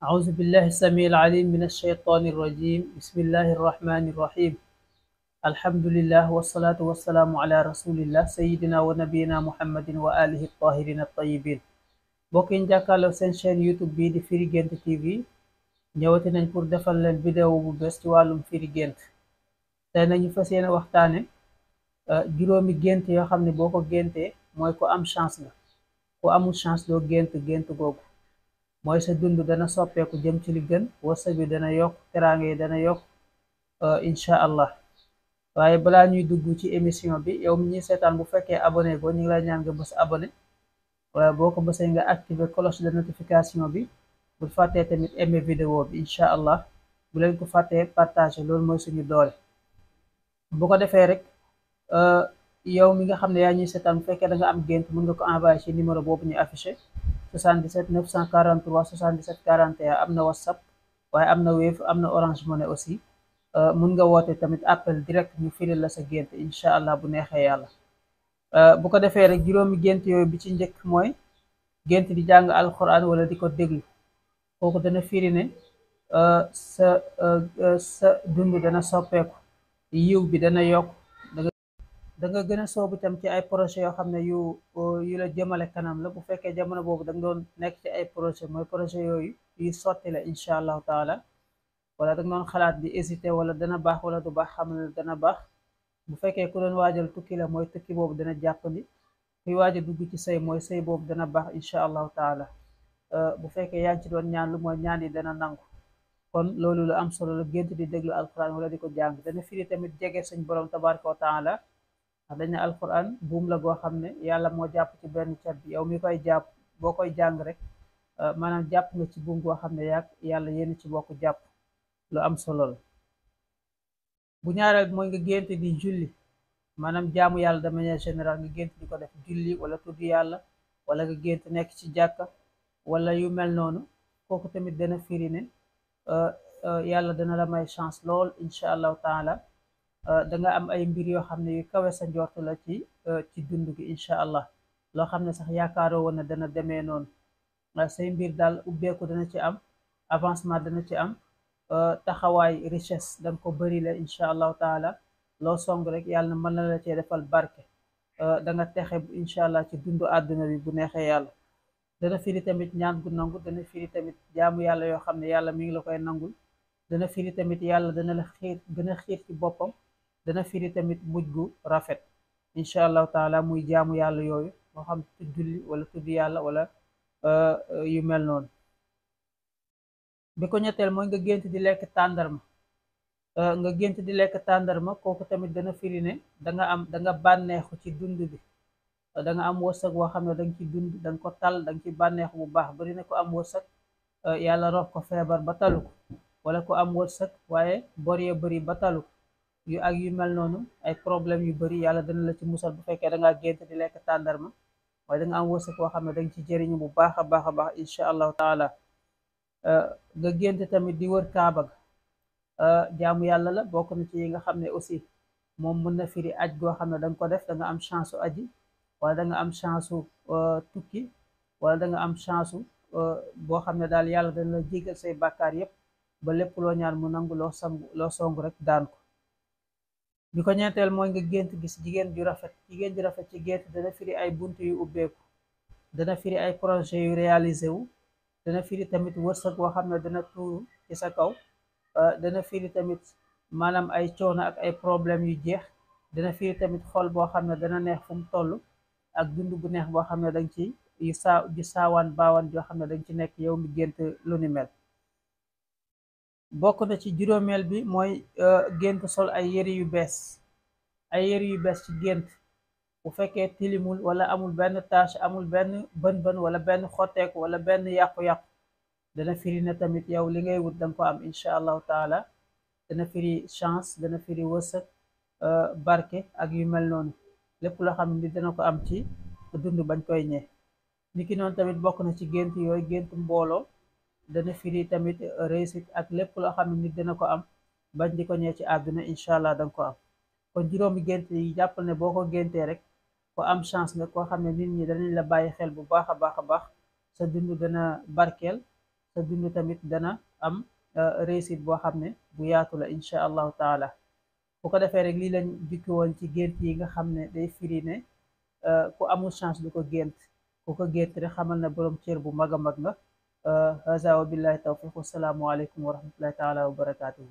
أعوذ بالله السميع العليم من الشيطان الرجيم بسم الله الرحمن الرحيم الحمد لله والصلاة والسلام على رسول الله سيدنا ونبينا محمد وآله الطاهرين الطيبين mbokk yi jàkkaarloo seen chaîne youtube bii di Firi Guent TV ñëwati nañ pour defal leen vidéo bu bees ci wàllum firi gént tey nañu fas yéene waxtaane euh, juróomi gént yoo xam ne boo ko géntee mooy ku am chance la ku amul chance doo gént gént googu mooy sa dund dana soppeeku jëm ci li gën wërsëg bi dana yokk teraanga yi dana yokk euh, incha allah waaye balaa ñuy dugg ci émission bi yow mi ñuy seetaan bu fekkee abonné ko ñu ngi lay ñaan nga waaye boo ko bësee nga activer cloche de notification bi bul fàttee tamit aimé video bi incha allah bu leen ko fàttee partage loolu mooy suñu doole bu ko defee rek euh, yow mi nga xam ne yaa ñuy seetaan bu fekkee da nga am gént mën nga ko envoyé ci numéro boobu ñu affiché 77 943 77 41 am na whatsapp waaye am na wave am na orange ne aussi euh, mun nga woote tamit appel direct ñu firi la sa gént incha allah bu neexee yàlla euh, bu ko defee rek juróomi gént yooyu bi ci njëkk mooy gént di jàng alquran wala di ko déglu kooku dana firi ne euh, sa sa dund dana soppeeku yiw bi dana yokk da nga gën a soobu itam ci ay projet yoo xam ne yu yu la jëmale kanam la bu fekkee jamono boobu danga nga doon nekk ci ay projet mooy projet yooyu yu sotti la incha allahu taala wala da nga doon xalaat di hésiter wala dana baax wala du baax xam ne dana baax bu fekkee ku doon waajal tukki la mooy tukki boobu dana jàppandi kuy waaj a dugg ci sëy mooy sëy boobu dana baax incha allahu taala euh, bu fekkee yaa ci doon ñaan lu mooy ñaan yi dana nangu kon loolu lu am solo la gént di déglu alquran wala di ko jàng dana firi tamit jege suñ borom tabaraka wa taala ndax dañ ne alquran buum la goo xam ne yàlla moo jàpp ci benn cat bi yow mi koy jàpp boo koy jàng rek euh, maanaam jàpp nga ci buum goo xam ne yàgg yàlla yéen ci bokk jàpp lu am solo la bu ñaareel mooy nga génte di julli maanaam jaamu yàlla de manière générale nga gént di ko def julli wala tudd yàlla wala nga nekk ci jàkka wala yu mel noonu kooku tamit dana firi ne euh, euh, yàlla dana la may chance lool incha allahu taala Euh, da am ay mbir yoo xam ne yu kawe sa njort la ci euh, ci dund gi incha allah loo xam ne sax yaakaaroo woon na dana demee noonu euh, say mbir daal ubbeeku dana ci am avancement dana ci am taxawaay richess da nga ko bëri la incha allah taala loo song rek yàlla mën na la cee defal barke da nga texe incha allah ci dundu àdduna bi bu neexee yàlla dana firi tamit ñaan gu nangu dana firi tamit jaamu yàlla yoo xam ne yàlla mu ngi la koy nangul dana firi tamit yàlla dana la xiir gën a xiir ci boppam dana firi tamit mujj gu rafet incha allah taala muy jaamu yàlla yooyu moo xam julli wala tudd yàlla wala euh, yu mel noonu bi ko ñetteel mooy nga gént di lekk tàndarma euh, nga gént di lekk tàndarma kooku tamit dana firi ne da nga am da nga bànneexu ci dund bi danga nga am wërsëg woo xam ne da nga ci dund da ko tal da ci bànneexu bu baax bari na ko am wërsëg euh, yàlla rof ko feebar ba talu ko wala ko am wërsëg waaye bor ya bëri ba talu yu ak yu mel noonu ay problème yu bëri yàlla dana la ci musal bu fekkee da ngaa gént di lekk tàndarma waaye da nga am wërsëg koo xam ne da nga ci jëriñu bu baax a baax a baax incha allahu taala euh, nga gént tamit di wër kaaba ga euh, jaamu yàlla la bokk na ci yi nga xam ne aussi moom mën na firi aj goo xam ne da nga ko def da am chance u aji wala da am chance u euh, tukki wala da am chance u boo xam ne daal yàlla dana la jégal say bàkkaar yépp ba lépp loo ñaan mu nangu loo sangu rek daan ko bi ko ñeenteel mooy ngi gént gis jigéen ju rafet jigéen ju rafet ci gént dana firi ay bunt yu ubbeeku dana firi ay projet yu réalisé wu dana firi tamit wërsëg boo xam ne dana tuuru ci sa kaw euh, dana firi tamit maanaam ay coono ak ay problème yu jeex dana firi tamit xol boo xam ne dana neex fu mu toll ak dund bu neex boo xam ne danga ci yu saa ju saawaan baawaan joo xam ne danga ci nekk yow mi gént lu ni mel bokk na ci juróomeel bi mooy euh, gént sol ay yëre yu bees ay yëre yu bees ci gént bu fekkee tilimul wala amul benn tache amul benn bën-bën wala benn xotteeku wala benn yàqu-yàqu dana firi ne tamit yow li ngay wut danga ko am incha allahu taala dana firi chance dana firi wërsëg euh, barke ak yu mel noonu lépp loo xam ni dana ko am ci dund bañ koy ñee niki noonu tamit bokk na ci gént yooyu gént mbooloo dana firi tamit euh, réussite ak lépp loo xam ne nit dana ko am bañ di ko ñëw ci àdduna incha allah danga ko am kon juróomi gént yi jàppal ne boo ko géntee rek ko am chance nga koo xam ne nit ñi danañ la bàyyi xel bu baax a baax a baax sa dund dana barkeel sa dund tamit dana am euh, réussite boo xam ne bu yaatu la incha allahu taala bu ko defee rek lii lañ jukki woon ci gént yi nga xam ne day firi ne euh, ku amul chance du ko gént ku ko gént rek xamal na borom cër bu mag a mag nga Eh, haza wa billahi tawfiq wassalaamu aleykum wa rahmatullahi taala wa barakatuhu